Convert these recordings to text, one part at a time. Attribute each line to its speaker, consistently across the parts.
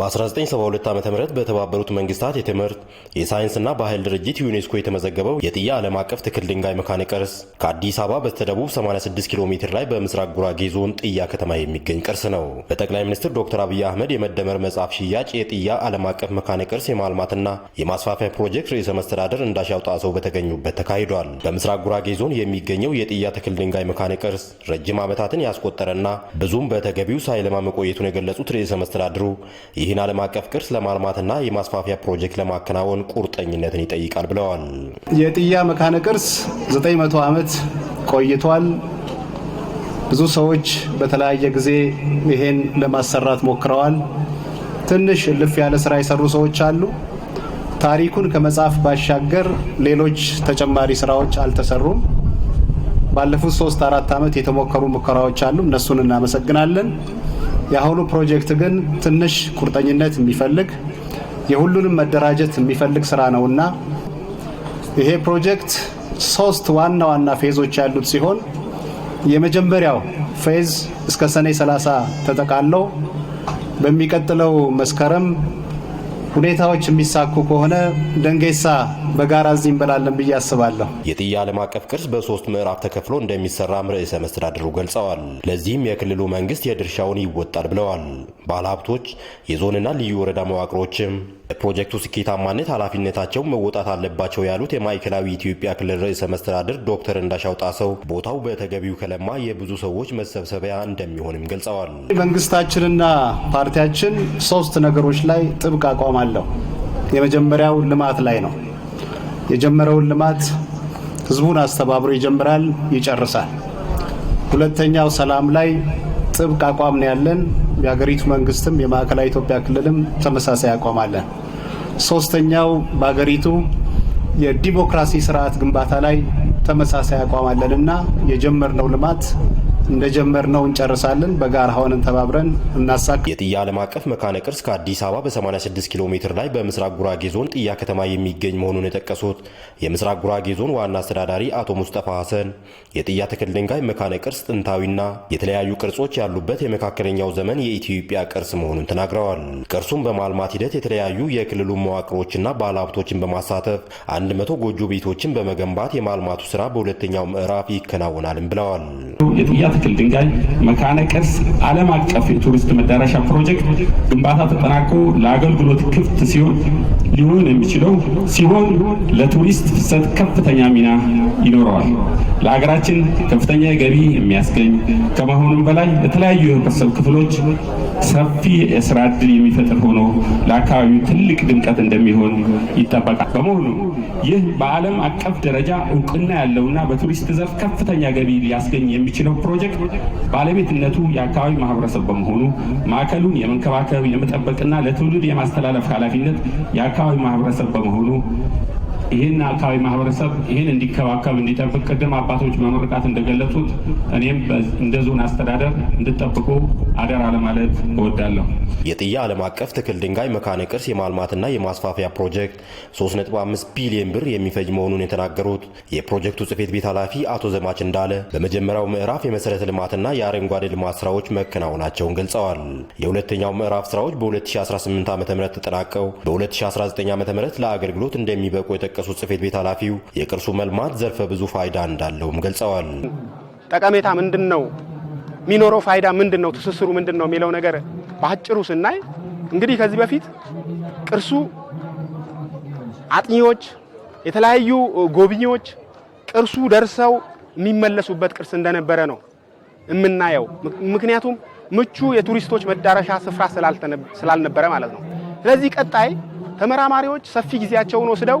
Speaker 1: በ1972 ዓ ም በተባበሩት መንግስታት የትምህርት የሳይንስና ባህል ድርጅት ዩኔስኮ የተመዘገበው የጥያ ዓለም አቀፍ ትክል ድንጋይ መካነ ቅርስ ከአዲስ አበባ በስተደቡብ 86 ኪሎ ሜትር ላይ በምስራቅ ጉራጌ ዞን ጥያ ከተማ የሚገኝ ቅርስ ነው። በጠቅላይ ሚኒስትር ዶክተር አብይ አህመድ የመደመር መጽሐፍ ሽያጭ የጥያ ዓለም አቀፍ መካነ ቅርስ የማልማትና የማስፋፊያ ፕሮጀክት ርዕሰ መስተዳደር እንዳሻው ጣሰው በተገኙበት ተካሂዷል። በምስራቅ ጉራጌ ዞን የሚገኘው የጥያ ትክል ድንጋይ መካነ ቅርስ ረጅም ዓመታትን ያስቆጠረና ብዙም በተገቢው ሳይለማ መቆየቱን የገለጹት ርዕሰ መስተዳድሩ ይህ ይህን ዓለም አቀፍ ቅርስ ለማልማትና የማስፋፊያ ፕሮጀክት ለማከናወን ቁርጠኝነትን ይጠይቃል ብለዋል።
Speaker 2: የጥያ መካነ ቅርስ 900 ዓመት ቆይቷል። ብዙ ሰዎች በተለያየ ጊዜ ይሄን ለማሰራት ሞክረዋል። ትንሽ እልፍ ያለ ስራ የሰሩ ሰዎች አሉ። ታሪኩን ከመጻፍ ባሻገር ሌሎች ተጨማሪ ስራዎች አልተሰሩም። ባለፉት ሶስት አራት ዓመት የተሞከሩ ሙከራዎች አሉ። እነሱን እናመሰግናለን። የአሁኑ ፕሮጀክት ግን ትንሽ ቁርጠኝነት የሚፈልግ የሁሉንም መደራጀት የሚፈልግ ስራ እና ይሄ ፕሮጀክት ሶስት ዋና ዋና ፌዞች ያሉት ሲሆን የመጀመሪያው ፌዝ እስከ ሰኔ 30 ተጠቃለው በሚቀጥለው መስከረም ሁኔታዎች የሚሳኩ ከሆነ ደንገሳ በጋራ እዚህ እንበላለን ብዬ አስባለሁ።
Speaker 1: የጥያ ዓለም አቀፍ ቅርስ በሶስት ምዕራፍ ተከፍሎ እንደሚሰራም ርዕሰ መስተዳድሩ ገልጸዋል። ለዚህም የክልሉ መንግስት የድርሻውን ይወጣል ብለዋል። ባለሀብቶች፣ የዞንና ልዩ ወረዳ መዋቅሮችም የፕሮጀክቱ ስኬታማነት ኃላፊነታቸውን መወጣት አለባቸው ያሉት የማዕከላዊ ኢትዮጵያ ክልል ርዕሰ መስተዳድር ዶክተር እንዳሻው ጣሰው ቦታው በተገቢው ከለማ የብዙ ሰዎች መሰብሰቢያ እንደሚሆንም ገልጸዋል።
Speaker 2: መንግስታችንና ፓርቲያችን ሶስት ነገሮች ላይ ጥብቅ አቋም አለው። የመጀመሪያው ልማት ላይ ነው። የጀመረውን ልማት ህዝቡን አስተባብሮ ይጀምራል፣ ይጨርሳል። ሁለተኛው ሰላም ላይ ጥብቅ አቋም ነው ያለን። የሀገሪቱ መንግስትም የማዕከላዊ ኢትዮጵያ ክልልም ተመሳሳይ አቋም አለን። ሶስተኛው በሀገሪቱ የዲሞክራሲ ስርዓት ግንባታ ላይ ተመሳሳይ አቋም እና የጀመርነው ልማት ነው እንጨርሳለን። በጋራ ሆነን ተባብረን እናሳካ።
Speaker 1: የጥያ ዓለም አቀፍ መካነ ቅርስ ከአዲስ አበባ በ86 ኪሎ ሜትር ላይ በምስራቅ ጉራጌ ዞን ጥያ ከተማ የሚገኝ መሆኑን የጠቀሱት የምስራቅ ጉራጌ ዞን ዋና አስተዳዳሪ አቶ ሙስጠፋ ሀሰን የጥያ ተክል ድንጋይ መካነ ቅርስ ጥንታዊና የተለያዩ ቅርጾች ያሉበት የመካከለኛው ዘመን የኢትዮጵያ ቅርስ መሆኑን ተናግረዋል። ቅርሱን በማልማት ሂደት የተለያዩ የክልሉ መዋቅሮችና ባለሀብቶችን በማሳተፍ 100 ጎጆ ቤቶችን በመገንባት የማልማቱ ስራ በሁለተኛው ምዕራፍ ይከናወናልም ብለዋል።
Speaker 2: የትክል ድንጋይ መካነ ቅርስ ዓለም አቀፍ የቱሪስት መዳረሻ ፕሮጀክት ግንባታ ተጠናቆ ለአገልግሎት ክፍት ሲሆን ሊሆን የሚችለው ሲሆን ለቱሪስት ፍሰት ከፍተኛ ሚና ይኖረዋል። ለሀገራችን ከፍተኛ ገቢ የሚያስገኝ ከመሆኑም በላይ ለተለያዩ የህብረተሰብ ክፍሎች ሰፊ የስራ እድል የሚፈጥር ሆኖ ለአካባቢው ትልቅ ድምቀት እንደሚሆን ይጠበቃል። በመሆኑ ይህ በዓለም አቀፍ ደረጃ እውቅና ያለውና በቱሪስት ዘርፍ ከፍተኛ ገቢ ሊያስገኝ የሚችለው ፕሮጀክት ባለቤትነቱ የአካባቢ ማህበረሰብ በመሆኑ ማዕከሉን የመንከባከብ የመጠበቅና ለትውልድ የማስተላለፍ ኃላፊነት የአካባቢ ማህበረሰብ በመሆኑ ይህን አካባቢ ማህበረሰብ ይህን እንዲከባከብ እንዲጠብቅ ቅድም አባቶች መምርቃት እንደገለጹት እኔም እንደ ዞን አስተዳደር እንድጠብቁ አደራ ለማለት እወዳለሁ።
Speaker 1: የጥያ ዓለም አቀፍ ትክል ድንጋይ መካነ ቅርስ የማልማትና የማስፋፊያ ፕሮጀክት 35 ቢሊዮን ብር የሚፈጅ መሆኑን የተናገሩት የፕሮጀክቱ ጽሕፈት ቤት ኃላፊ አቶ ዘማች እንዳለ በመጀመሪያው ምዕራፍ የመሰረተ ልማትና የአረንጓዴ ልማት ስራዎች መከናወናቸውን ገልጸዋል። የሁለተኛው ምዕራፍ ስራዎች በ2018 ዓ ም ተጠናቀው በ2019 ዓ ም ለአገልግሎት እንደሚበቁ የጠቀ የጠቀሱት ጽፌት ቤት ኃላፊው የቅርሱ መልማት ዘርፈ ብዙ ፋይዳ እንዳለውም ገልጸዋል።
Speaker 2: ጠቀሜታ ምንድን ነው? የሚኖረው ፋይዳ ምንድን ነው? ትስስሩ ምንድን ነው የሚለው ነገር በአጭሩ ስናይ እንግዲህ ከዚህ በፊት ቅርሱ አጥኚዎች፣ የተለያዩ ጎብኚዎች ቅርሱ ደርሰው የሚመለሱበት ቅርስ እንደነበረ ነው የምናየው። ምክንያቱም ምቹ የቱሪስቶች መዳረሻ ስፍራ ስላልነበረ ማለት ነው። ስለዚህ ቀጣይ ተመራማሪዎች ሰፊ ጊዜያቸውን ወስደው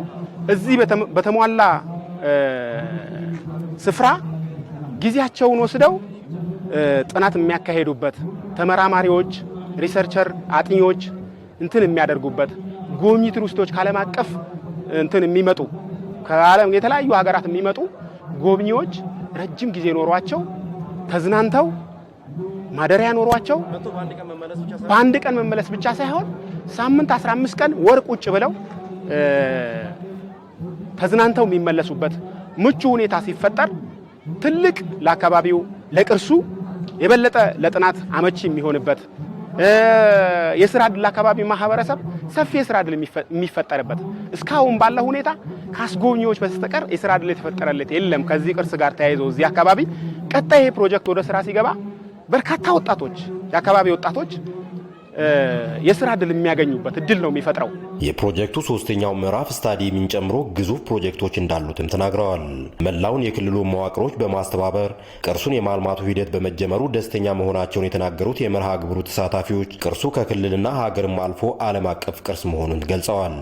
Speaker 2: እዚህ በተሟላ ስፍራ ጊዜያቸውን ወስደው ጥናት የሚያካሄዱበት ተመራማሪዎች፣ ሪሰርቸር አጥኚዎች እንትን የሚያደርጉበት ጎብኚ ቱሪስቶች ከዓለም አቀፍ እንትን የሚመጡ ከዓለም የተለያዩ ሀገራት የሚመጡ ጎብኚዎች ረጅም ጊዜ ኖሯቸው ተዝናንተው ማደሪያ ኖሯቸው በአንድ ቀን መመለስ ብቻ ሳይሆን ሳምንት 15 ቀን ወር ቁጭ ብለው ተዝናንተው የሚመለሱበት ምቹ ሁኔታ ሲፈጠር ትልቅ ለአካባቢው ለቅርሱ የበለጠ ለጥናት አመቺ የሚሆንበት የስራ ዕድል አካባቢ ማህበረሰብ ሰፊ የስራ ዕድል የሚፈጠርበት እስካሁን ባለው ሁኔታ ከአስጎብኚዎች በስተቀር የስራ ዕድል የተፈጠረለት የለም። ከዚህ ቅርስ ጋር ተያይዞ እዚህ አካባቢ ቀጣይ ይሄ ፕሮጀክት ወደ ስራ ሲገባ በርካታ ወጣቶች የአካባቢ ወጣቶች የስራ እድል የሚያገኙበት እድል ነው የሚፈጥረው።
Speaker 1: የፕሮጀክቱ ሶስተኛው ምዕራፍ ስታዲየምን ጨምሮ ግዙፍ ፕሮጀክቶች እንዳሉትም ተናግረዋል። መላውን የክልሉ መዋቅሮች በማስተባበር ቅርሱን የማልማቱ ሂደት በመጀመሩ ደስተኛ መሆናቸውን የተናገሩት የመርሃ ግብሩ ተሳታፊዎች ቅርሱ ከክልልና ሀገርም አልፎ ዓለም አቀፍ ቅርስ መሆኑን ገልጸዋል።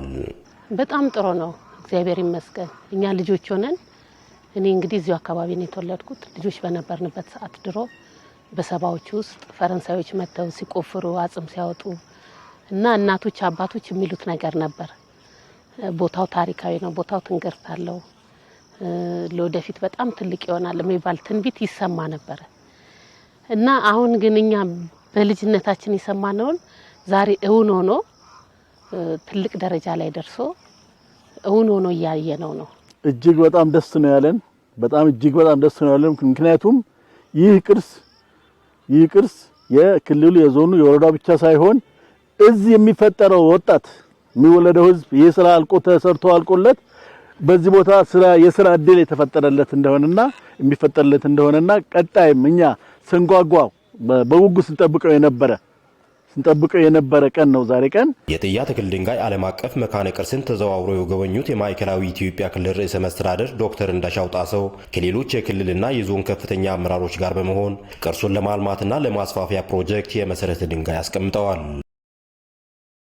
Speaker 3: በጣም ጥሩ ነው፣ እግዚአብሔር ይመስገን። እኛ ልጆች ሆነን እኔ እንግዲህ እዚሁ አካባቢ ነው የተወለድኩት። ልጆች በነበርንበት ሰዓት ድሮ በሰባዎች ውስጥ ፈረንሳዮች መጥተው ሲቆፍሩ አጽም ሲያወጡ እና እናቶች አባቶች የሚሉት ነገር ነበር። ቦታው ታሪካዊ ነው፣ ቦታው ትንግርት አለው፣ ለወደፊት በጣም ትልቅ ይሆናል የሚባል ትንቢት ይሰማ ነበረ እና አሁን ግን እኛ በልጅነታችን የሰማነውን ዛሬ እውን ሆኖ ትልቅ ደረጃ ላይ ደርሶ እውን ሆኖ እያየነው ነው።
Speaker 2: እጅግ በጣም ደስ ነው ያለን። በጣም እጅግ በጣም ደስ ነው ያለን። ምክንያቱም ይህ ቅርስ ይህ ቅርስ የክልሉ የዞኑ የወረዳው ብቻ ሳይሆን እዚህ የሚፈጠረው ወጣት የሚወለደው ህዝብ ይህ ስራ አልቆ ተሰርቶ አልቆለት በዚህ ቦታ ስራ የስራ እድል የተፈጠረለት እንደሆነና የሚፈጠርለት እንደሆነና ቀጣይም እኛ ስንጓጓ በጉጉ ስንጠብቀው የነበረ ስንጠብቀው የነበረ ቀን ነው ዛሬ ቀን።
Speaker 1: የጥያ ትክል ድንጋይ ዓለም አቀፍ መካነ ቅርስን ተዘዋውሮ የጎበኙት የማዕከላዊ ኢትዮጵያ ክልል ርዕሰ መስተዳደር ዶክተር እንዳሻው ጣሰው ከሌሎች የክልልና የዞን ከፍተኛ አመራሮች ጋር በመሆን ቅርሱን ለማልማትና ለማስፋፊያ ፕሮጀክት የመሰረተ ድንጋይ አስቀምጠዋል።